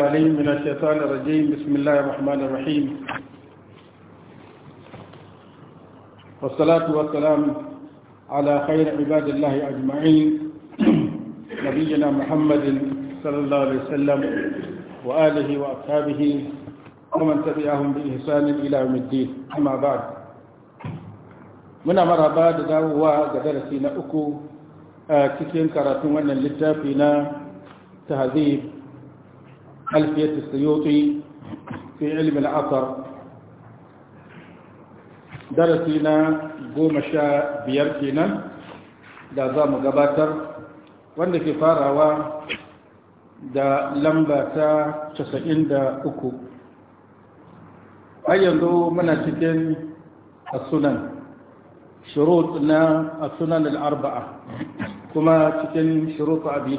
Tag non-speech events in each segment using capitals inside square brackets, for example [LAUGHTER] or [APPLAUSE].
عليم من الشيطان الرجيم بسم الله الرحمن الرحيم والصلاة والسلام على خير عباد الله أجمعين [CLEARS THROAT] نبينا محمد صلى الله عليه وسلم وآله وأصحابه ومن تبعهم بإحسان إلى يوم الدين أما بعد من أمر بعد دعوة قدرتنا أكو آه، تكين كراتون أن اللتافنا تهذيب ألفية السيوطي في علم الأثر درسنا قوم شاء بيركنا لازام gabatar. wanda ke farawa da lamba ta uku. har yanzu muna cikin asunan shirut na asunan arba'a. kuma cikin shirut abi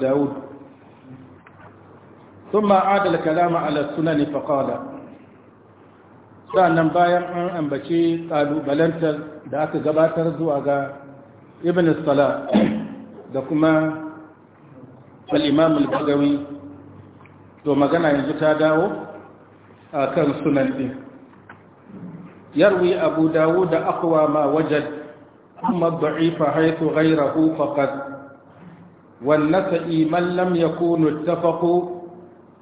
ثم عاد الكلام على السنن فقال sannan bayan an ambaci ƙalubalantar da aka gabatar zuwa ga ibn sala da kuma al'imam bagawi to magana yanzu ta dawo a kan sunan ɗin yarwi abu dawo da akwa ma wajen kuma da'ifa haitu ghairahu faqad wan nasa'i mallam ya kunu ittafaqu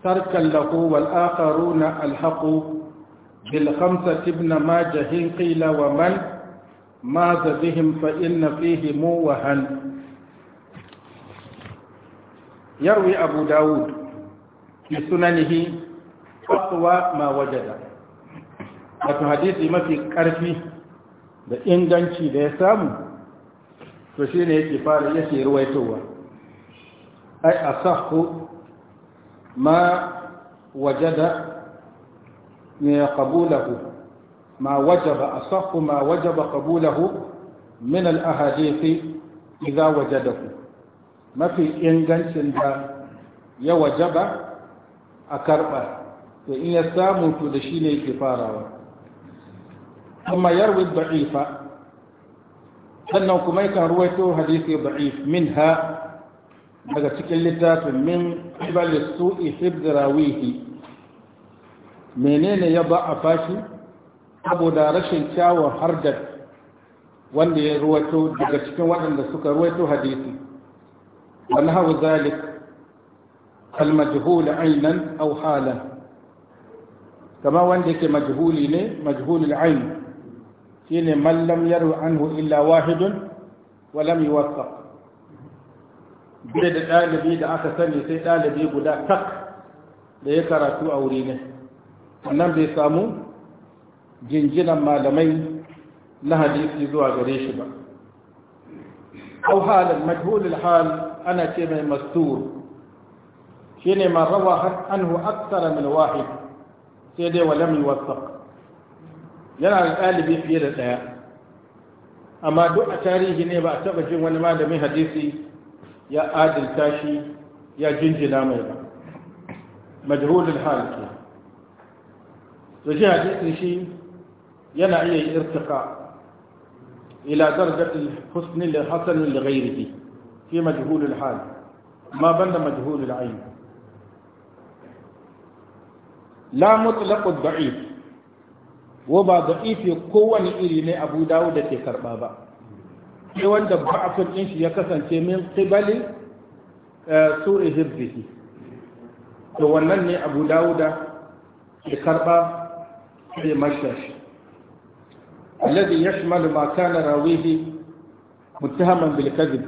تركا له والآخرون الحق بالخمسة ابن ماجه قيل ومن ماذ بهم فإن فيه موهن يروي أبو داود في سننه أقوى ما وجد wato hadisi mafi ƙarfi da inganci da ya samu to shi ne yake fara yake ruwaitowa ai a sahu ما وجد قبوله ما وجب أصح ما وجب قبوله من الأحاديث إذا وجده ما في إنجان سنبا يوجب أكرب فإن يسامو تدشيني كفارا ثم يروي الضعيف أنه كميتا رويته حديث ضعيف منها daga cikin littafin min qibali su'i hibdrawihi menene ya ba a fashi saboda rashin kyawun hardar wanda ya ruwato daga cikin waɗanda suka ruwato hadisi wani hau zalik kalmajhul ainan au halan kama wanda yake majhuli ne majhulul ain shine man lam yarwi anhu illa wahidun wa yi yuwaffaq bai da ɗalibi da aka sani sai ɗalibi guda tak da ya karatu a wuri ne wannan bai samu jinjinan malamai na hadisi zuwa gare shi ba au halin majhulul hal ana ce mai mastur shine ma rawa anhu aksara min wahid sai dai wa lam yuwaffaq yana da ɗalibi fiye da ɗaya amma duk a tarihi ne ba a taɓa jin wani malamin hadisi يا آدل تاشي يا جنجي لا ميلا مجهول الحال كي رجع شيء ينعي الارتقاء إيه إلى درجة الحسن لحسن لغيره في مجهول الحال ما بنا مجهول العين لا مطلق الضعيف وبا ضعيف قوة إلي أبو داودة كربابا sai wanda ba'afin din shi ya kasance min qibali eh, su'i shi. to wannan ne abu dawuda ya karba sai mashar shi alladhi yashmalu ma kana rawihi muttahaman bil kadhib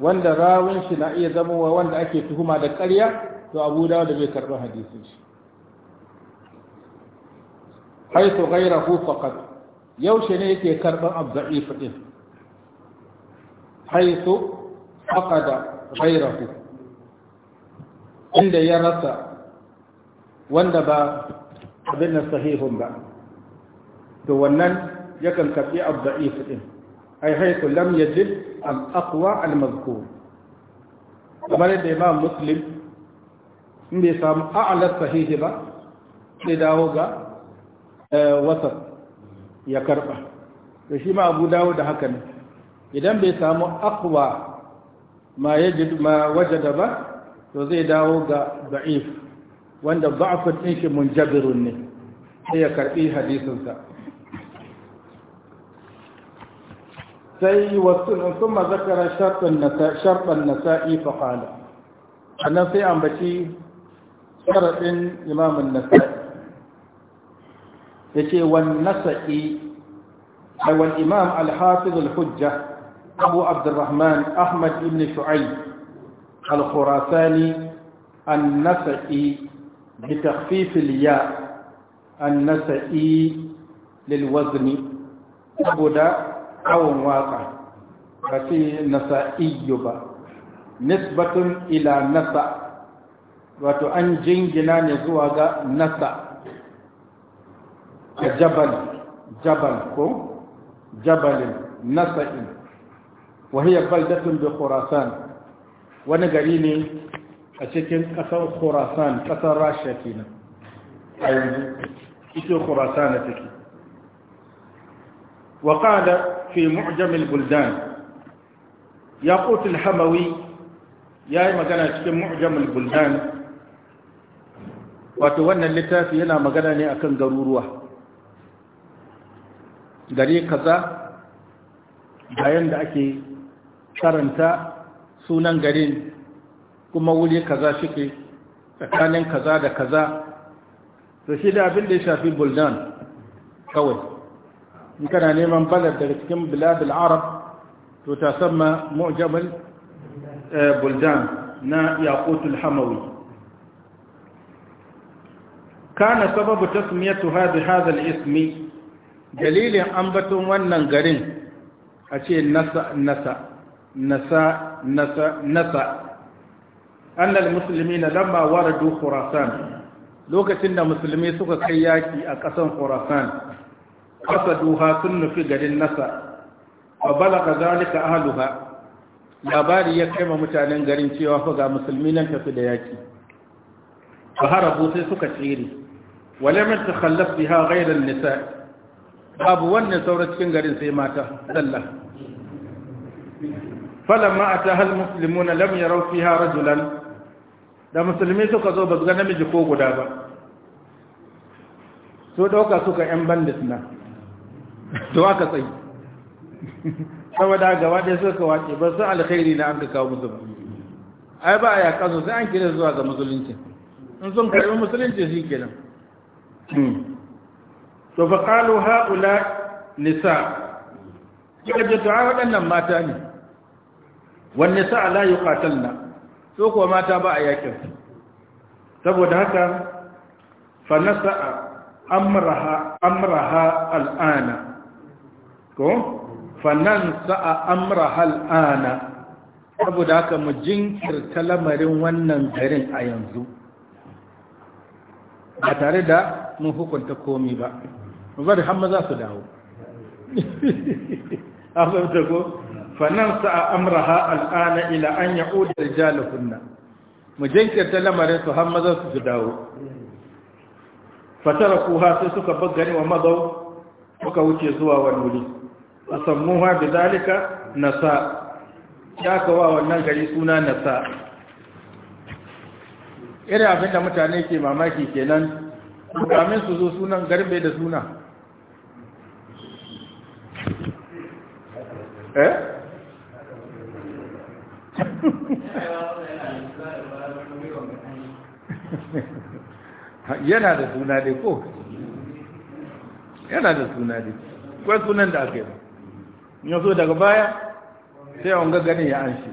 wanda rawin shi na iya zama wa wanda ake tuhuma da ƙarya to abu dawuda bai karba hadisin shi haythu ghayrahu faqat yaushe ne yake karban abda'if din haisu faƙada ghairahu inda ya rasa wanda ba abin da sahihun ba to wannan yakan karɓi abda'if ɗin ai haisu lam yajid al-aqwa al-mazkur kamar yadda imam muslim in bai samu a'alar sahihi ba sai dawo ga wasan ya karɓa da abu dawo da haka ne idan bai samu akwa ma yajid ma wajada ba to zai dawo ga da'if wanda ba'afin din shi munjabirun ne sai ya karɓi hadisin sa sai wasu sun zakara shartan nasa shartan nasa'i fa qala annan sai ambaci sharadin imamun nasa'i ce wani nasa'i ay wani imam al hafiz al أبو عبد الرحمن أحمد بن شعيب الخراساني النسئي بتخفيف الياء النسئي للوزن أبدا أو واقع فشي نسائي با نسبة إلى نسأ وتأن جنجنا نزوها نسأ كجبل جبل كو جبل نسئ wahiyar baldatun da khurasan wani gari ne a cikin ƙasar khurasan ƙasar rasha kenan a yanzu ita khurasan na take وقال في معجم البلدان hamawi ya yi magana cikin معجم البلدان wato wannan littafi yana magana ne akan garuruwa gari kaza bayan da ake karanta sunan garin kuma wuri kaza shike tsakanin kaza da kaza to shi da abin da ya shafi buldan kawai in kana neman balad daga cikin biladul arab to ta samma mu'jamal eh, buldan na yaqutul hamawi kana sababu tasmiyatu hadha hadha al-ismi dalilin ambaton wannan garin a ce nasa nasa nasa nasa nasa annal muslimina lamma waradu khurasan lokacin da musulmi suka kai yaki a ƙasan khurasan qasaduha sun nufi garin nasa wa balaga zalika ahluha labari ya kai ma mutanen garin cewa fa ga musulmi nan tafi da yaki fa harabu sai suka tsere. walam takhallaf kallafi ghayra an-nisa babu wannan sauran cikin garin sai mata sallah falamma ataha almuslimuna lam yaraw fiha rajulan da musulmi suka zo ba su ga namiji ko guda ba Su dauka suka yan bandit na to aka tsayi saboda gaba ɗaya suka wace ba su alkhairi na an ka kawo musu ba ai ba a yaƙa sosai, an kira zuwa ga musulunci in sun karbi musulunci shi kenan hmm. to fa ƙalo haula nisa kaje to ai waɗannan mata ne wanne sa'a la na? so kuwa mata ba a yakin saboda haka fa nasa'a amraha amraha al'ana ko fa sa'a amraha al'ana saboda haka mu jinkirta lamarin wannan garin a yanzu ba tare da mun hukunta komi ba mu bari hamma za su dawo [LAUGHS] a fannan sa’a amraha al’ana ila an yaƙo da jalafin nan mu jinkirta lamarin su har maza su su dawo fatara ku sai suka bugani wa mazau suka wuce zuwa wani wuri a sammu ha da nasa ya kawo wannan gari suna nasa iri abinda mutane ke mamaki kenan kamin su zo sunan garbe da suna eh yana da suna dai ko yana da suna dai kwai sunan da aka yi ya so daga baya sai wanga ganin ya an shi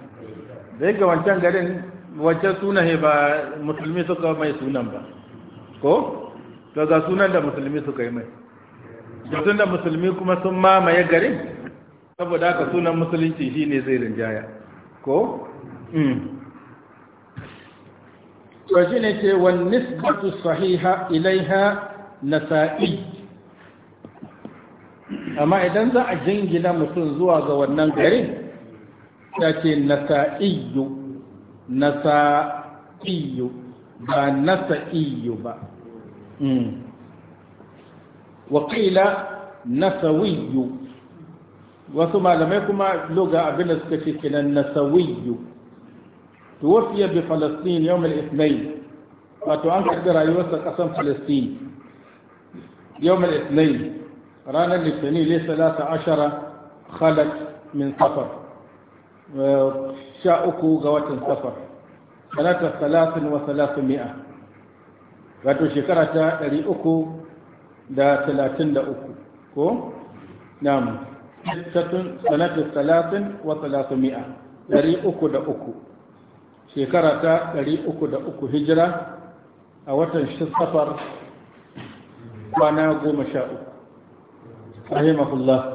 da yake wancan garin wancan sunan ba musulmi suka mai sunan ba ko to ga sunan da musulmi suka yi mai tun da musulmi kuma sun mamaye garin saboda haka sunan musulunci shine zai rinjaya ko? Hmm. to shi ne ce wa nisbatu sahiha ilaiha nasa'i amma idan za a jingina mutum zuwa ga wannan garin ta ce nasa'iyu nasa'iyu ba nasa'iyu ba hmm. wakila nasawiyu wasu malamai kuma loga abin da suka ce kinan nasawiyu tuwafiya bi falastin yau mai isnai wato an karɓi rayuwarsa ƙasan Falasɗin yau mai isnai ranar litinin ne salata ashara khalak min safar sha uku ga watan safar salata salatin wa salatu mi'a wato shekara ɗari uku da talatin da uku ko? wa ɗari uku da uku shekara ta 303 hijira a watan safar kwana goma sha uku rahimahullah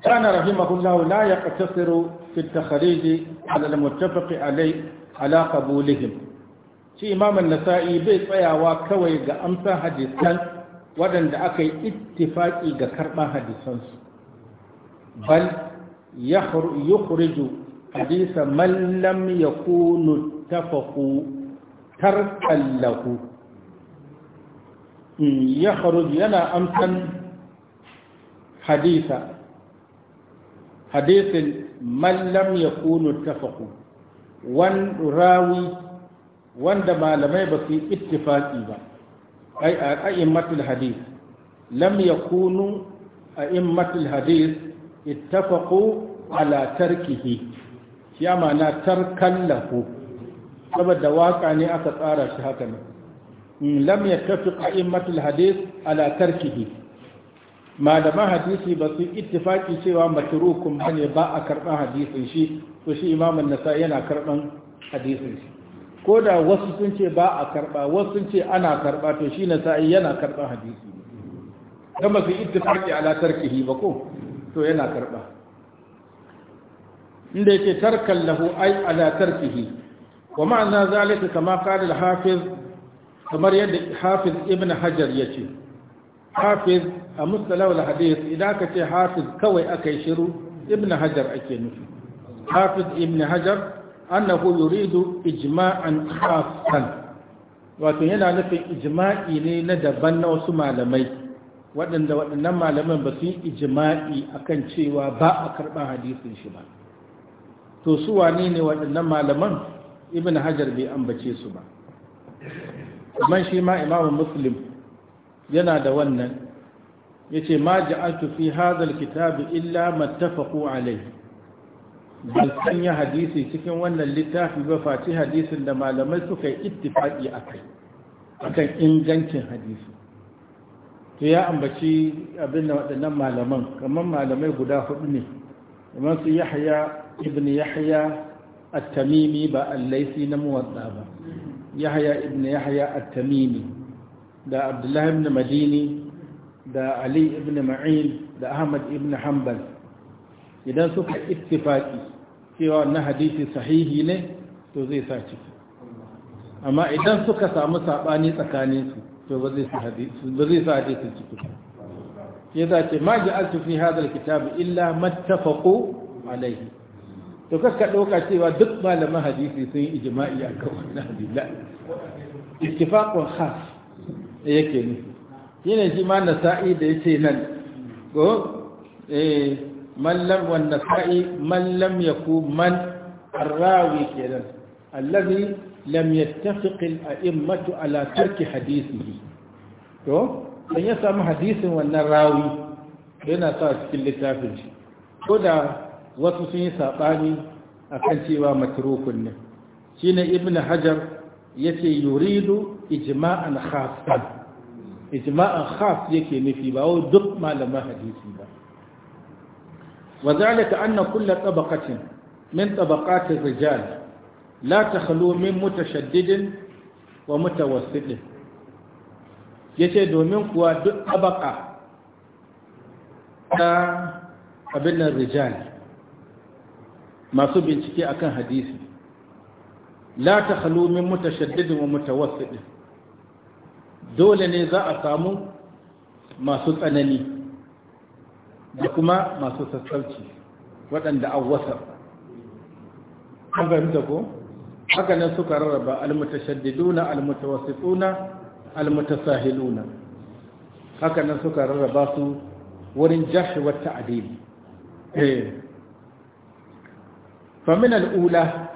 كان رحمه الله لا يقتصر في التخريج على المتفق عليه على قبولهم shi imam an-nasa'i bai tsayawa kawai ga amsa hadisan waɗanda aka yi ittifaki ga karɓar hadisansu bal yukhriju hadisa man lam yakunu tafaqu tarkan lahu hmm, ya kharuj yana amsan hadisa hadisin man lam yakunu tafaqu wan rawi wanda malamai ba su yi ittifaqi ba ai a'immatul hadith lam yakunu a'immatul hadith ittafaqu ala tarkihi ya mana tarkan lahu saboda waka ne aka tsara shi haka ne lam yattafiq a'immatul hadith ala tarkihi malaman hadisi ba su ittifaki cewa matrukun bane ba a karban hadisin shi to shi an nasa yana karban hadisin shi koda wasu sun ce ba a karba wasu sun ce ana karba to shi nasa'i yana karban hadisi dan ba su ittifaki ala tarkihi ba ko to yana karba inda yake tarkan lahu ai ala tarkihi wa ma'ana zalika kama qala al-hafiz kamar yadda hafiz ibn hajar yace hafiz a mustalahu al-hadith idan ka ce hafiz kawai akai shiru ibn hajar ake nufi hafiz ibn hajar annahu yuridu ijma'an khassan wato yana nufin ijma'i ne na daban na wasu malamai waɗanda waɗannan malaman ba su yi ijma'i akan cewa ba a karɓa hadisin shi ba to su wanene ne waɗannan malaman ibn hajar bai ambace su ba kuma shi ma imamu muslim yana da wannan ya ce ma ja'altu fi hazal kitabi illa mattafaqu alai bal sanya hadisi cikin wannan littafi ba faci hadisin da malamai suka yi ittifaqi akai akan ingancin hadisi to ya ambaci abin da waɗannan malaman kamar malamai guda hudu ne kamar su yahya ibn yahya at-tamimi ba al-laisi na muwadda ba yahya ibn yahya at-tamimi da abdullah ibn madini da ali ibn ma'in da ahmad ibn hanbal idan suka ittifaki cewa na hadisi sahihi ne to zai sa amma idan suka samu sabani tsakaninsu to ba zai sa hadisi ciki ya zace ma ja'altu fi hadha al-kitab illa mattafaqu alayhi to kakka ɗauka cewa duk malaman hadisi sun yi ijma'i a kan wannan hadila istifaqun khas yake ne yana shi ma nasa'i da yace nan ko eh man lam wan nasa'i man lam yaku man arrawi kenan allazi lam yattafiq al a'immatu ala tarki hadisihi to dan ya samu hadisin wannan rawi yana sa cikin littafin shi ko da wasu sun yi saɓani a kan cewa matrukun ne shi ne ibn hajar ya ce yuridu ijima'an khasan Ijima'an khas yake nufi ba wa duk malaman hadisi ba wa zalika anna kullu tabaqatin min tabaqati rijal la takhlu min mutashaddidin wa mutawassidin yace domin kuwa duk tabaka ta abin rijal masu bincike akan hadisi la ta min mutashaddidin wa mutawassidin dole ne za a samu masu tsanani da kuma masu sassauci waɗanda an wasa an fahimta ko haka nan suka rarraba almutashaddiduna almutawassituna almutasahiluna haka nan suka rarraba su wurin jashi wata adili eh. famin al'ula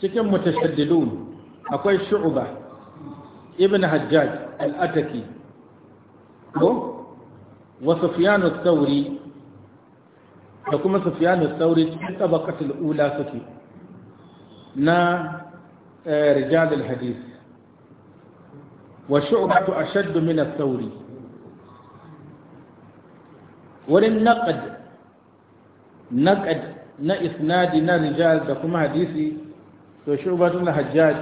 cikin mutashaddidun akwai shu'uba ibn hajjaj al'ataki ko wa sufyanu tsauri da kuma sufyanu tsauri cikin na رجال الحديث وشعبة أشد من الثوري وللنقد نقد na isnadi na rijal da kuma hadisi to shubatun hajjaj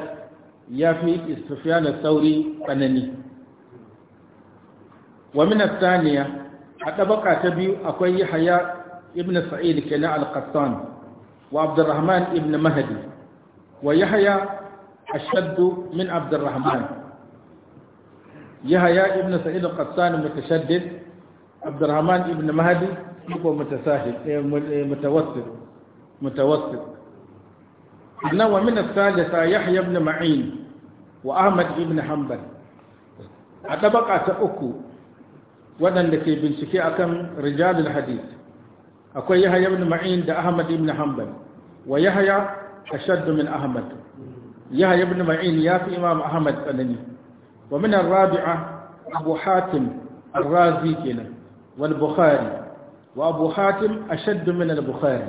ya fi istifyan da sauri tsanani wa min asaniya hada baka ta biyu akwai yahya ibn sa'id kana al qattan wa abdurrahman ibn mahdi wa yahya ashadd min abdurrahman yahya ibn sa'id al qattan mutashaddid abdurrahman ibn mahdi ko mutasahib mutawassit متوسط نوى ومن الثالثة يحيى بن معين وأحمد بن حنبل أتبقى تأكو ودن لكي بنشكي أكم رجال الحديث أكو يحيى بن معين ده أحمد بن حنبل ويحيى أشد من أحمد يحيى بن معين يا في إمام أحمد أنني ومن الرابعة أبو حاتم الرازي كنا والبخاري وأبو حاتم أشد من البخاري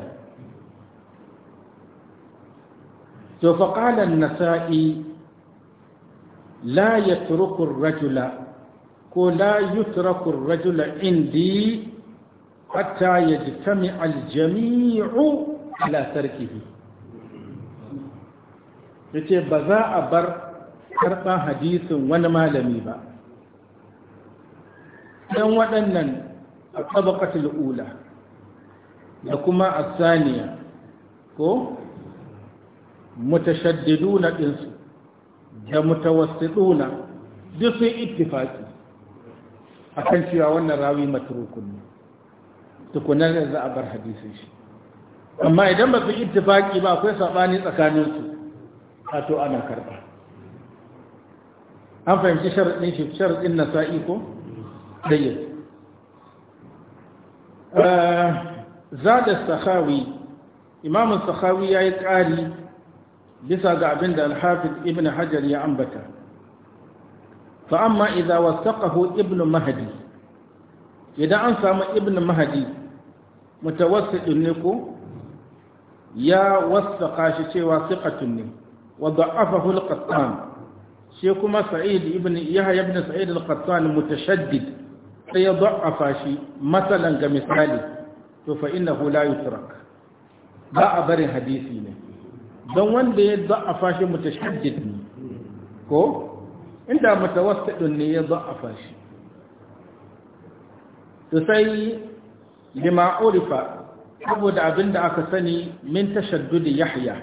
to faƙalar nasa'i la ya turukun rajula ko la yi turukun rajula indi hatta ya ji tami aljami'u ala ya ce ba za a bar karɓar hadisin wani malami ba don waɗannan a tsabakatul ula da kuma a saniya ko mutashaddiduna ɗinsu da mutawassiduna duk sun akan a kan cewa wannan rawi matrukun ne tukunan da za a bar hadisin shi amma idan ba su ittifaki ba akwai saɓani tsakaninsu a to ana karɓa an fahimci sharadin shi sharadin na sa'i ko ɗaya za da sahawi imamun sahawi ya yi ƙari bisa ga abin da alhafiz ibn hajar ya ambata fa amma idza wasaqahu ibn mahdi idan an samu ibn mahdi mutawassidin ne ko ya wasaqa shi cewa siqatun ne wa da'afahu al-qattan shi kuma sa'id ibn yahya ibn sa'id al-qattan mutashaddid sai ya da'afa shi masalan ga misali to fa innahu la yutrak ba a barin hadisi ne don wanda ya za'afa shi mutashaddid ne ko inda mutawassidun ne ya za'afa shi to sai lima urifa saboda abinda aka sani min tashaddud yahya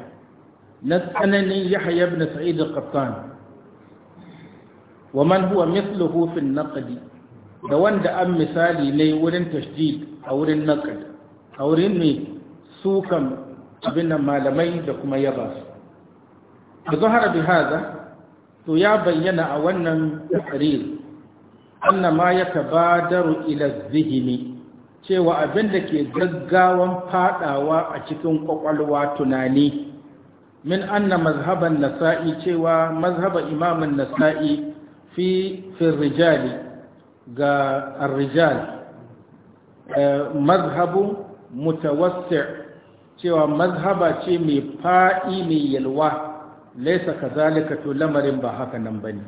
na tsananin yahya ibn sa'id al-qattan wa man huwa mithluhu fi an-naqd da wanda an misali ne wurin tashdid a wurin naqd a wurin ne sukan abin nan malamai da kuma yaba su da zahara bi haza to ya bayyana a wannan tsarir anna ma ya tabadaru ila zihini cewa abin da ke gaggawan fadawa a cikin kwakwalwa tunani min anna mazhaban nasa'i cewa mazhaban imamin nasa'i fi rijali ga ar-rijal eh, mazhabu mutawassi' cewa mazhaba ce mai fa'i mai yalwa laisa zalika to lamarin ba haka nan ba ba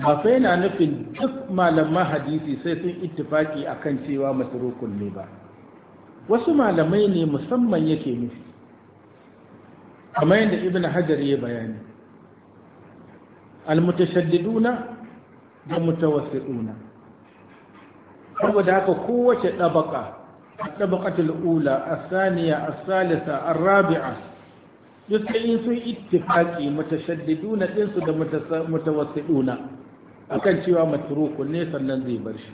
Mafai na nufin duk malaman hadisi sai sun ittifaki akan cewa masrukun ne ba wasu malamai ne musamman yake nufi kamar yadda ibn hajar ya bayani almutashaddiduna da mutawassiquna saboda haka kowace ɗabaƙa الطبقة الأولى الثانية الثالثة الرابعة يسعين في اتفاقي متشددون إنسو متوسطون akan cewa متروك ne sannan zai bar shi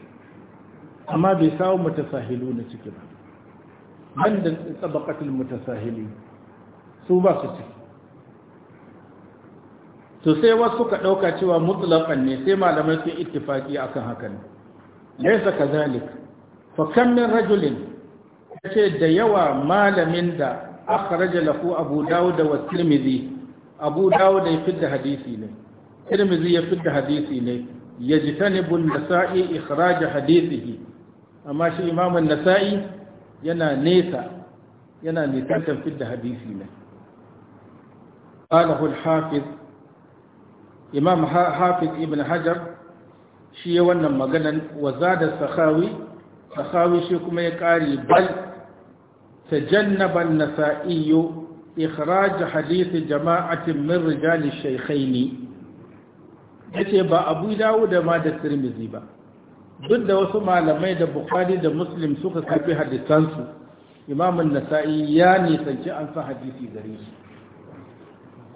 amma bai kawo mutasahilu na ciki ba banda to sai wasu ka ɗauka cewa mutlaqan ne sai malamai sun ittifaki akan hakan laysa kadhalik fa kam min rajulin Yace da yawa malamin da raja lafu abu dawuda wa tirmidhi abu dawuda ya fidda hadisi ne tirmidhi ya fidda hadisi ne Ya ta nibin nasai hadisi ne. amma shi imamun nasai yana nesa yana nisantar fidda hadisi ne qalahu al-hafiz imam hafiz ibn hajar shi wannan maganan wa zada sakhawi tasawi shi kuma ya kare bal tajannaba an-nasa'i ikhraj hadith jama'atin min rijal shaykhaini yace ba Abu Dawud da ma da tirmizi ba duk da wasu malamai da Bukhari da Muslim suka kafi su Imam an-Nasa'i ya nisanci an sa hadisi gare shi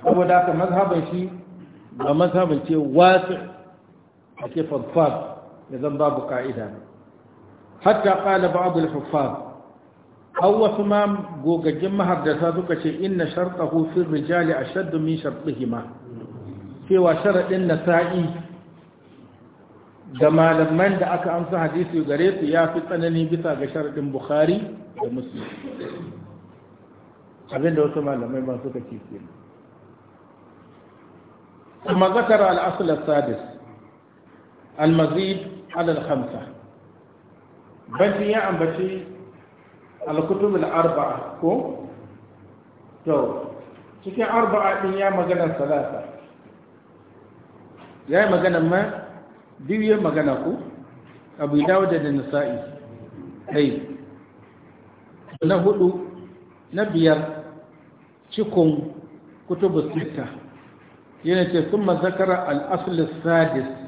saboda ka mazhaban shi ba mazhaban ce wasi ake fadfad ya zan babu ka'ida hatta qala ba'd al-huffaz aw wasu ma gogaggen mahaddasa suka ce inna shartahu fi rijali ashaddu min shartihima cewa sharadin nasa'i da malaman da aka amsa hadisi gare su ya fi tsanani bisa ga sharadin bukhari da muslim da wasu malamai ba suka ce kenan ثم ذكر الأصل al المزيد على الخمسة bacin ya ambaci alkutubul arba'a ko to cikin arba'a din ya magana salasa ya yi magana ma biyu ya magana ku abu dawo da nisa'i ɗai na hudu na biyar cikin kutubu sita yana ce sun mazakara al'asulis sadis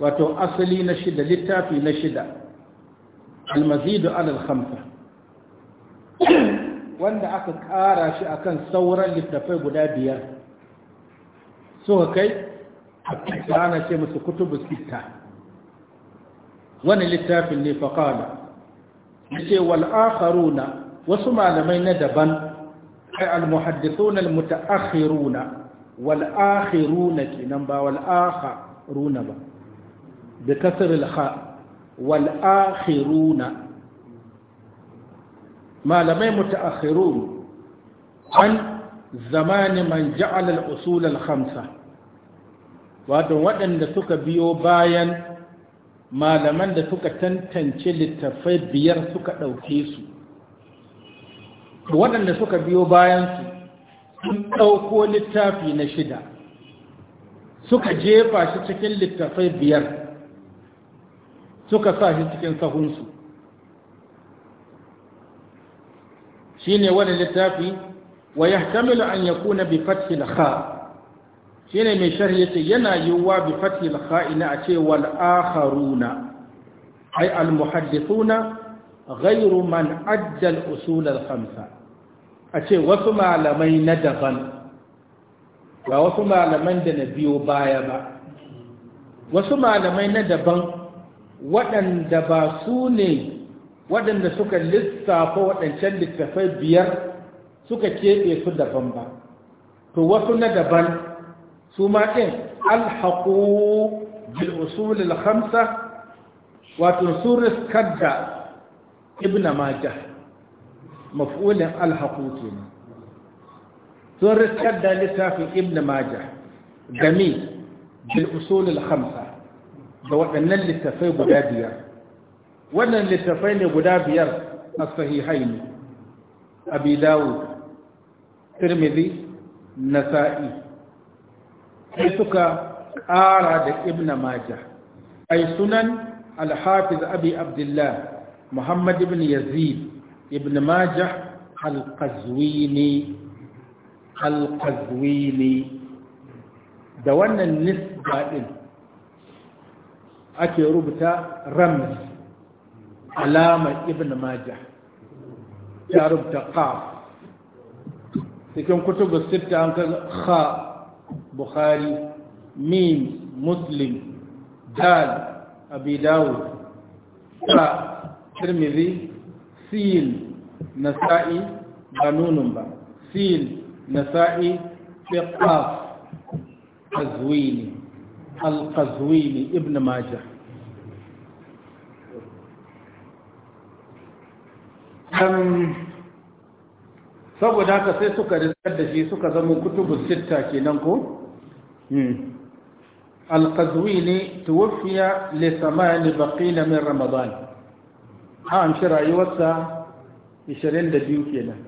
wato asali na shida littafi na shida almazidu alal khamsa wanda aka ƙara shi akan sauran littafai guda biyar suka kai ana ce musu kutubu sita wani littafin ne faƙala yace wal akharuna wasu malamai na daban ai al muhaddithun al mutaakhiruna wal akhiruna kinan ba wal ba da kasar alha wal akhiruna malamai mutaakhirun an zamani man ja'ala al usul al khamsa waɗanda suka biyo bayan malaman da suka tantance littafai biyar suka ɗauke su waɗanda suka biyo bayansu sun ɗauko littafi na shida suka jefa shi cikin littafai biyar suka sa shi cikin sahunsu shi ne wani littafi wa ya tamilu an ya kuna bi fathi lakha shi ne mai sharhi yace yana yiwuwa bi fathi lakha ina a ce wal akharuna ay al muhaddithuna ghayru man ajja al usul al khamsa a ce wasu malamai na daban ba wasu malaman da na biyo baya ba wasu malamai na daban waɗanda ba su ne waɗanda suka lissafa waɗancan littafai biyar suka keɓe su daban ba to wasu na daban su ma ɗin alhaƙo bil usulil khamsa wato sun riskar da ibn majah maf'ulin alhaƙo kenan sun riskar da littafin ibn majah game bil usulil khamsa da waɗannan littafai guda biyar wannan littafai ne guda biyar a sahihaini abi dawud tirmidhi nasa'i sai suka ƙara da ibn maja ai sunan alhafiz hafiz abi abdullah muhammad ibn yazid ibn maja al-qazwini da wannan nisba din ake rubuta rams alamar ibn majah ya rubuta qaf cikin kutubu sita an kan kha bukhari mim muslim dal abi dawud ta tirmidhi sin nasa'i ba nunun ba sin nasa'i fiqaf tazwini al-qazwini ibn majah saboda haka sai suka rizar da shi suka zama kutubu sitta kenan ko hmm. al-qazwini tuwfiya li samani baqina min ramadan ha an shi rayuwarsa 22 kenan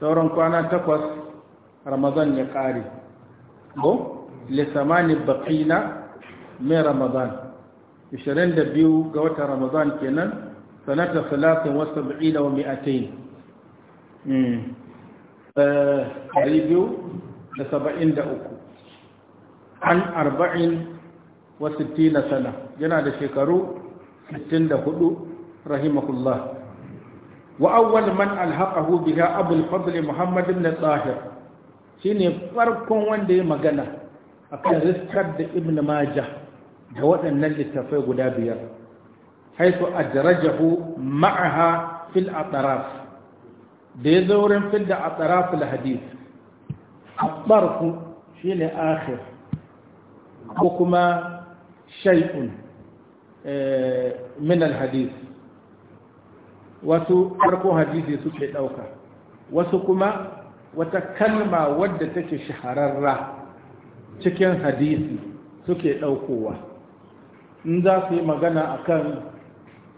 sauran kwana takwas ramadan ya kare ko li samani baqina mai ramadan 22 ga watan ramadan kenan sanata 73 wa mi'atain da saba'in da uku an arba'in wa sittina sana yana da shekaru sittin da hudu rahimahullah wa awwal man alhaqahu biha abul fadl muhammad ibn tahir shine farkon wanda ya magana akan da ibn majah da waɗannan littattafai guda biyar haisu ajrajahu ma'aha fil atraf da ya zo wurin fidda atraf al hadith abarku shine ahir ko kuma shay'un eh, min al hadith wasu farko hadisi suke ɗauka wasu kuma wata kalma wadda take shahararra cikin hadisi suke ɗaukowa in za su yi magana a kan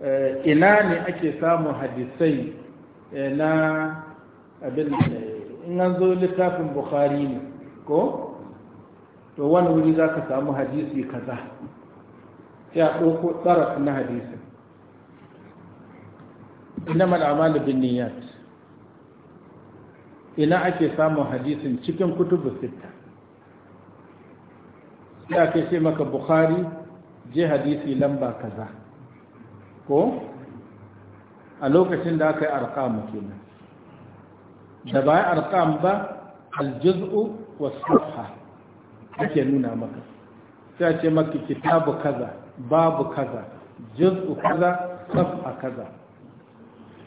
eh, ina ne ake samun hadisai eh, na abin in an zo littafin bukhari ne ko to wani wuri za ka samu hadisi kaza ya ɗauko tsarafi na hadisi ina mal'amalu bin niyat ina ake samun hadisin cikin kutubu Sita? ya ke ce maka bukhari je hadisi lamba kaza ko a lokacin da aka yi arkamu kenan da ba arkam ba aljuz'u wasuha ake nuna maka sai a ce maka kitabu kaza babu kaza juz'u kaza safha kaza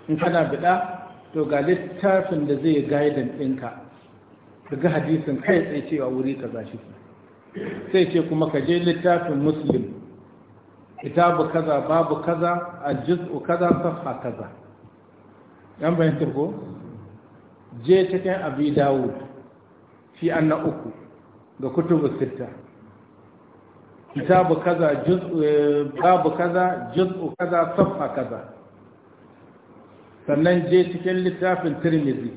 in kana bida to ga littafin da zai gaidan ɗinka ka ga hadisin kai tsaye cewa wuri kaza shi sai ce kuma ka je littafin muslim kitabu kaza babu kaza aljuz'u kaza safha kaza yan bayan ko je cikin abi dawud fi anna uku ga kutubu sitta kitabu kaza juz'u eh, babu kaza juz'u kaza safha kaza sannan je cikin littafin tirmidhi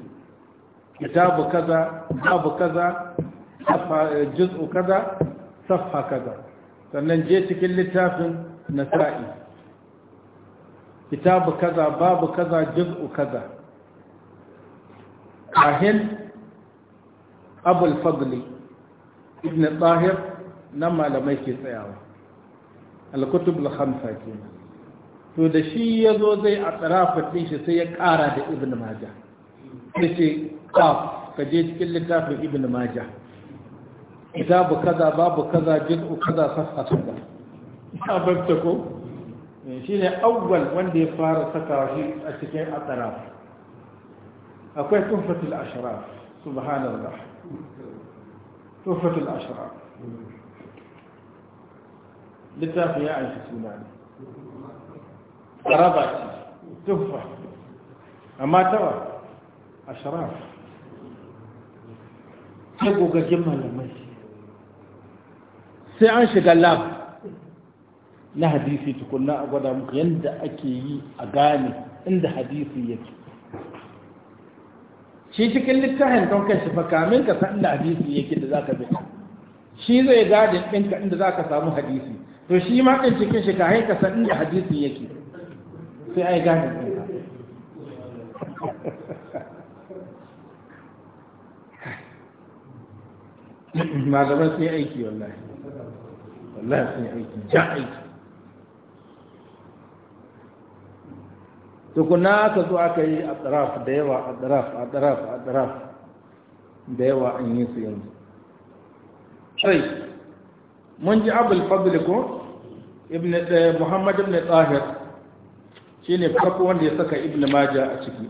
kitabu kaza babu kaza eh, juz'u kaza safha kaza sannan je cikin littafin نسائي كتاب كذا باب كذا جزء كذا كاهل أبو الفضل ابن الطاهر نما لما يكسيه الكتب الخمسة كينا تود شيء يزو زي أطراف التنش سيك آراد ابن ماجا تشي قاف تجيج كل كتاب ابن ماجا كتاب كذا باب كذا جزء كذا صفحة صفحة ya barta ko shi ne awwal wanda ya fara saka shi a cikin ataraf akwai tuhfatul ashraf subhanallah tuhfatul ashraf littafin ya aiki suna ne ƙaraba ce tuhfa amma tawa ashraf sai gogaggen malamai sai an shiga lab na hadisi tukunna a gwada muku yadda ake yi a gane inda hadisi yake shi cikin littafin don kai shi fakamin ka san inda hadisi yake da zaka bi shi zai gadin ɗinka inda zaka samu hadisi to shi ma ɗin cikin shi kahin ka san inda hadisi yake sai ai gane. ma gaba sai aiki wallahi wallahi sai aiki ja aiki tukuna ka zo aka yi a tsaraf da yawa a a tsaraf a tsaraf da yawa an yi su yanzu sai mun ji abul fadli ko ibn eh, muhammad ibn tahir shine farko wanda ya saka ibn majah a ciki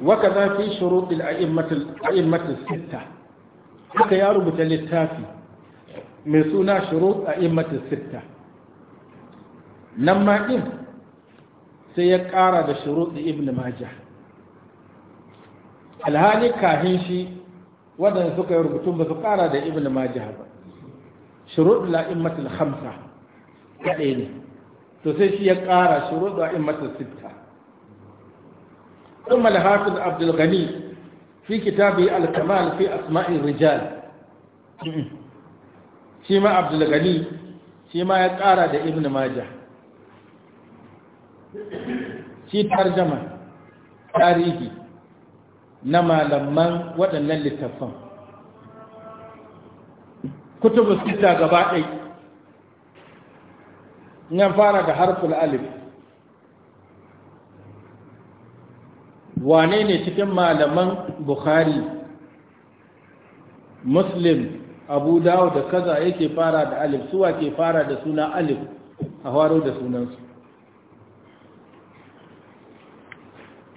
وكذا في شروط الأئمة الأئمة الستة haka ya rubuta littafi mai suna shurut a immatin sitta nan ma sai ya ƙara da shuruɗi ibn majah alhali kahin shi waɗanda suka yi rubutun ba su ƙara da ibn majah ba shuruɗi la'immatul hamsa kaɗai ne to sai shi ya ƙara shuruɗi la'immatul sitta ثم الحافظ عبد fi في كتابه الكمال في أسماء الرجال شيما عبد ya ƙara da ابن ماجه shi tarjama tarihi na malaman waɗannan littattafan kutubu sita gaba ɗai na fara da harkul alif wane ne cikin malaman bukhari muslim abu dawo da kaza yake fara da alif suwa ke fara da suna alif a haro da sunansu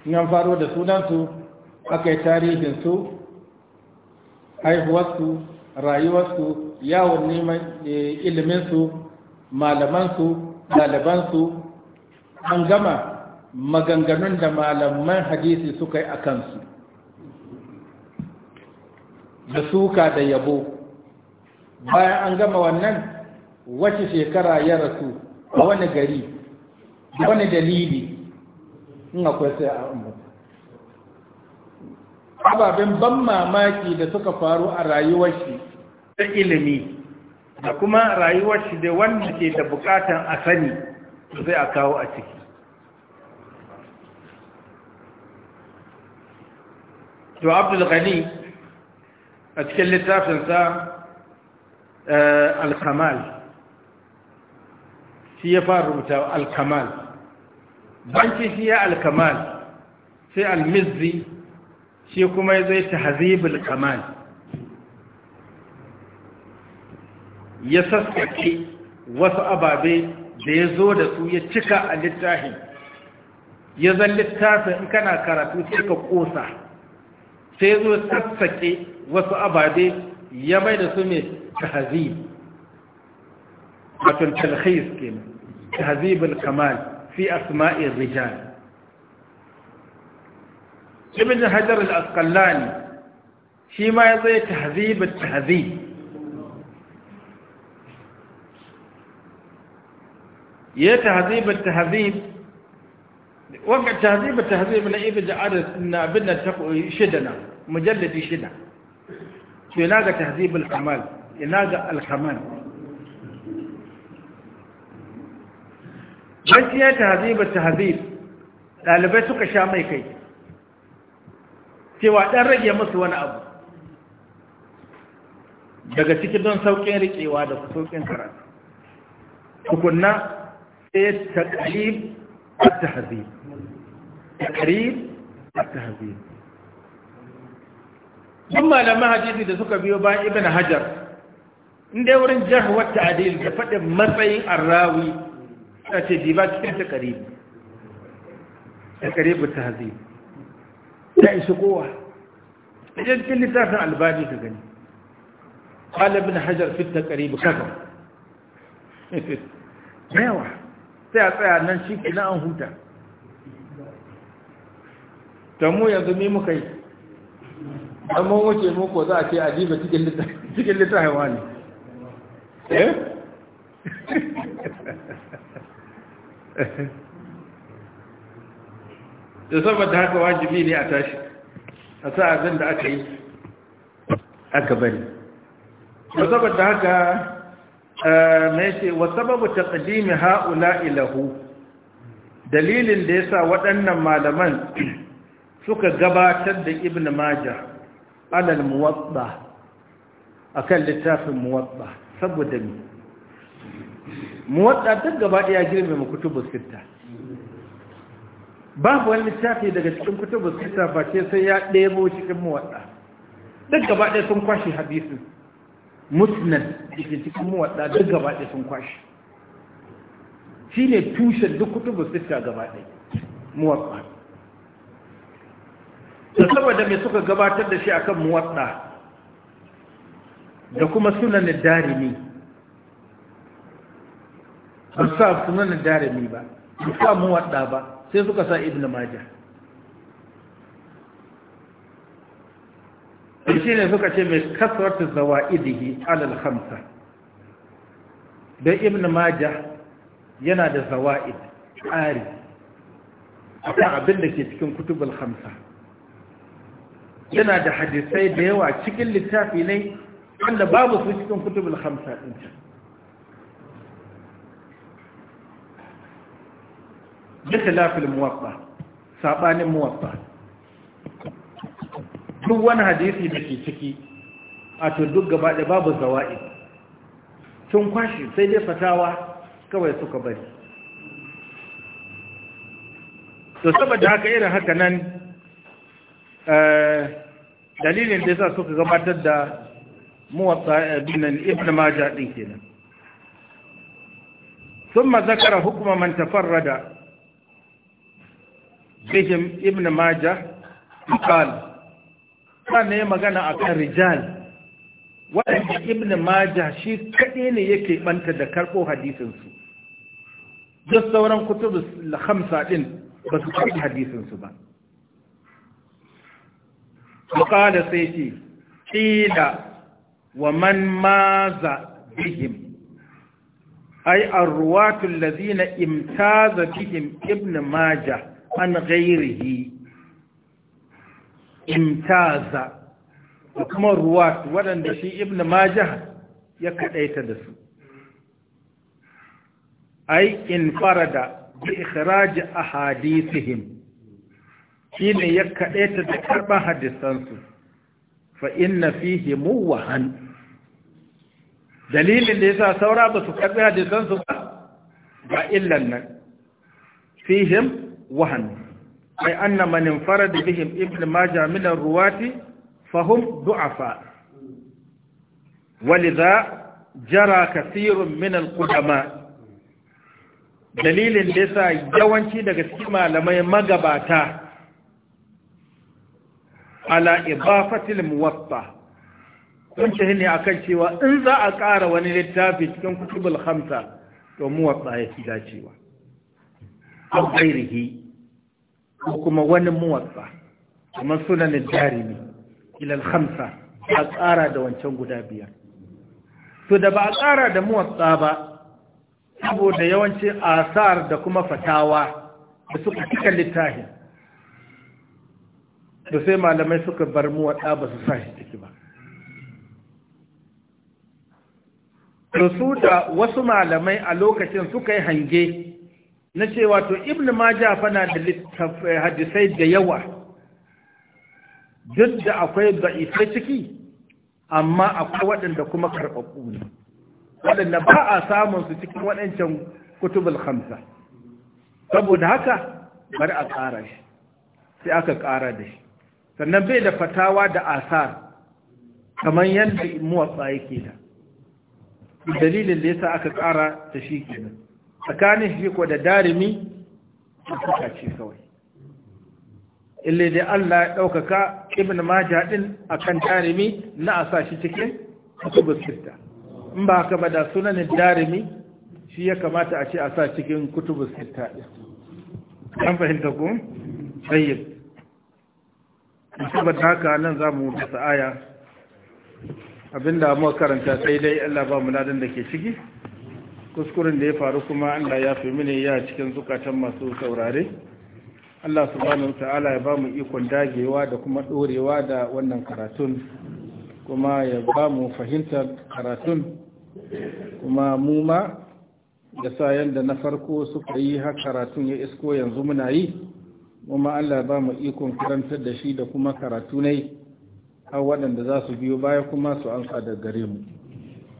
yan faro da sunansu aka yi tarihinsu haihuwarsu rayuwarsu yawon neman eh, iliminsu malamansu ɗalibansu an gama maganganun da malaman hadisi suka yi a kansu da suka da yabo bayan an gama wannan wace shekara ya rasu a wani gari da wani dalili in akwai sai a ambata ababen ban mamaki da suka faru a rayuwar shi ta ilimi da kuma rayuwar shi da wanda ke da bukatan a sani sai a kawo a ciki to abdul ghani a cikin littafinsa eh, al-kamal shi ya fara rubuta al-kamal banci shi ya alkamal sai almizzi shi kuma ya zai ta hazibul kamal ya sassake wasu ababe da ya zo da su ya cika a littafi ya zan littafin in kana karatu sai ka kosa sai zo sassake wasu ababe ya mai da su mai tahzib wato ta kamal في أسماء الرجال ابن حجر الأسقلاني شي ما يضي تهذيب التهذيب يا تهذيب التهذيب وقع تهذيب التهذيب من إذا عرض إن بدنا شدنا مجلد شدنا هناك تهذيب الحمال هناك الحمال gaskiya ta haziba ta hazib ɗalibai suka sha mai kai cewa ɗan rage musu wani abu daga ciki don sauƙin riƙewa da sauƙin karatu tukunna sai ta ƙarib a ta hazib ta ƙarib a ta sun duk hadisi da suka biyo bayan ibina hajar inda wurin wata ta'adil da faɗin matsayin arrawi ta ce diba cikin ta karibu ta karibu ta hazi ta ishi kowa ɗajen cikin littafin albani ka gani ƙalibin hajjar fit ta karibu kakan mewa sai a tsaya nan shi na an huta ta mu yanzu ne muka yi amma wace muku za a ce a diba cikin littafin wani eh [LAUGHS] da saboda haka wajibi ne a tashi a sa abin da aka yi aka bari da saboda haka mai ce wa sababu taqdimi haula ilahu dalilin da ya sa waɗannan malaman suka gabatar da ibn maja alal a kan littafin muwatta saboda me Mu wadda duk gaba daya girme mu kutubus sitta babu wani shafi daga cikin kutubu sitta ba ce sai ya ɗebo cikin mu wadda duk gaba daya sun kwashi hadisin musnad dake cikin wadda duk gaba daya sun kwashi ne tushen duk kutubu sitta gaba daya Da saboda me suka gabatar da shi akan muwatta da kuma sunan darimi ba su sa sunan darimi ba ba su sa wadda ba sai suka sa ibn maja shi ne suka ce mai kasuwarta zawa idihi alal hamsa don ibn maja yana da zawa zawa'id tsari a kan abin da ke cikin kutubul hamsa yana da hadisai da yawa cikin littafi ne wanda babu su cikin kutubul hamsa ɗin bikhilafil muwatta sabanin muwatta duk wani hadisi da ke ciki a to duk gaba da babu zawa'i sun kwashi sai dai fatawa kawai suka bari to saboda haka irin haka nan dalilin da yasa suka gabatar da muwatta binan ibn majah din kenan ثم ذكر حكم من تفرد bihim ibn maja qal sannan ya magana a kan rijal waɗanda ibn maja shi kaɗai ne yake ɓanta da karɓo hadisinsu duk sauran kutubu hamsa ɗin ba su karɓi hadisinsu ba buƙada sai ce ƙila wa man maza bihim ai arruwatul lazina imtaza bihim ibn majah عن غيره امتاز وكما رواة ولن شيء ابن ماجه يكاد دسو أي انفرد بإخراج أحاديثهم حين يكأيت دكرب حدثانسو فإن فيه موهن دليل اللي إذا سورا بسكبها دسانسو ba illan فيهم wahan ai anna man infarada bihim ibn majah min ar-ruwati fahum du'afa walidha jara kathirun min al-qudama dalilin da yasa yawanci daga cikin malamai magabata ala idafatil muwatta kun ce ne akan cewa in za a ƙara wani littafi cikin kutubul hamsa. to muwatta ya fi dacewa an ghairihi ko kuma wani muwatsa kamar sunanin jarimi ilal hamsa a tsara da wancan guda biyar to da ba a tsara da muwatsa ba saboda yawancin asar da kuma fatawa da suka cika littafi da sai malamai suka bar muwatsa ba su sa shi ciki ba To su da wasu malamai a lokacin suka yi hange na ce wato ibn maja fana da eh, hadisai da yawa duk da akwai da'ifai ciki amma akwai waɗanda kuma karɓaɓɓu ne waɗanda ba a samun su cikin waɗancan kutubul hamsa saboda haka bari a ƙara shi sai aka ƙara da shi sannan bai da fatawa da asar kamar yadda muwatsa yake da dalilin da yasa aka ƙara da shi kenan tsakanin shi ko da darimi a suka kawai ille da Allah ya ɗaukaka ibn majah din akan darimi na a sa shi cikin kutubus sita in ba haka ba da sunanin darimi shi ya kamata a ce a sa cikin kutubus sita an fahimta ku tsayyib saboda haka nan za mu dasa aya abinda muka karanta sai dai Allah ba mu ladan da ke ciki kuskuren da ya faru kuma Allah ya fi mini ya cikin zukatan masu saurare Allah subhanahu ta'ala ya ba mu ikon dagewa da kuma ɗorewa da wannan karatun kuma ya ba mu fahimtar karatun kuma mu ma da sayan da na farko suka yi har karatun ya isko yanzu muna yi kuma Allah ba mu ikon karantar da shi da kuma karatunai, har waɗanda za su biyo baya kuma su amsa da gare mu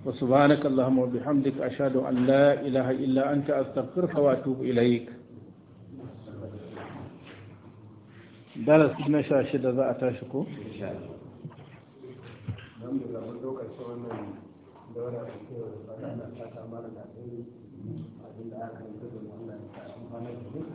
وسبحانك اللهم وبحمدك أشهد أن لا إله إلا أنت أستغفرك وأتوب إليك درس na sha shida za a tashi ko? da